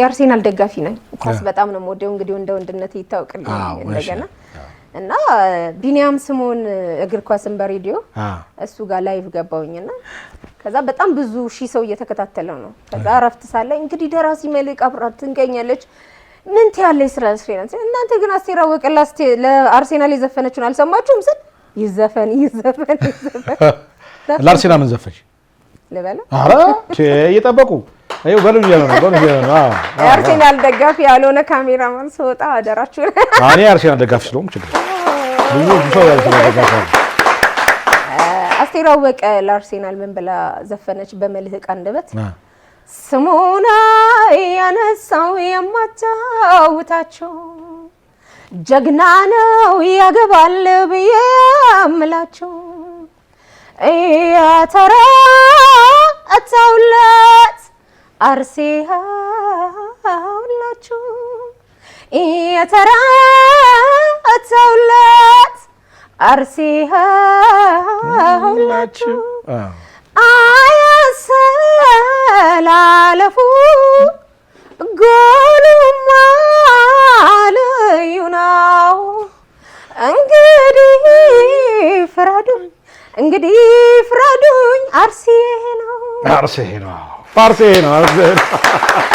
የአርሴናል ደጋፊ ነኝ። ኳስ በጣም ነው የምወደው። እንግዲህ እንደ ወንድነት ይታወቅልኝ እንደገና እና ቢኒያም ስሙን እግር ኳስን በሬዲዮ እሱ ጋር ላይቭ ገባሁኝና ከዛ በጣም ብዙ ሺህ ሰው እየተከታተለው ነው። ከዛ እረፍት ሳለ እንግዲህ ደራሲ መልሕቅ አብራት ትገኛለች። ምን ትያለች ስለ አርሴናል? እናንተ ግን አስቴር አወቀ ለአርሴናል የዘፈነችውን አልሰማችሁም ስል ይዘፈን ይዘፈን ይዘፈን ለአርሴናል ምን ዘፈች ልበላ እየጠበቁ ይኸው በሉ እያሉ ነው። በሉ እያሉ ነው። የአርሴናል ደጋፊ ያልሆነ ካሜራማን ስወጣ አደራችሁ። እኔ የአርሴናል ደጋፊ ስለሆንኩ ችግር ብዙ ሰው የአርሴናል ደጋፊ አለ። አስቴር አወቀ ለአርሴናል ምን ብላ ዘፈነች? በመልህቅ አንደበት ስሙና ያነሳው የማታውታቸው ጀግና ነው ያገባል ብዬ አምላቸው ተራ አርሴ ሁላችሁ የተራተውላት አርሴ ሁላችሁ አያሰላለፉ ጎሉማ ልዩ ነው። እንግዲህ ፍረዱ እንግዲህ ፍረዱ no. Arceno, no.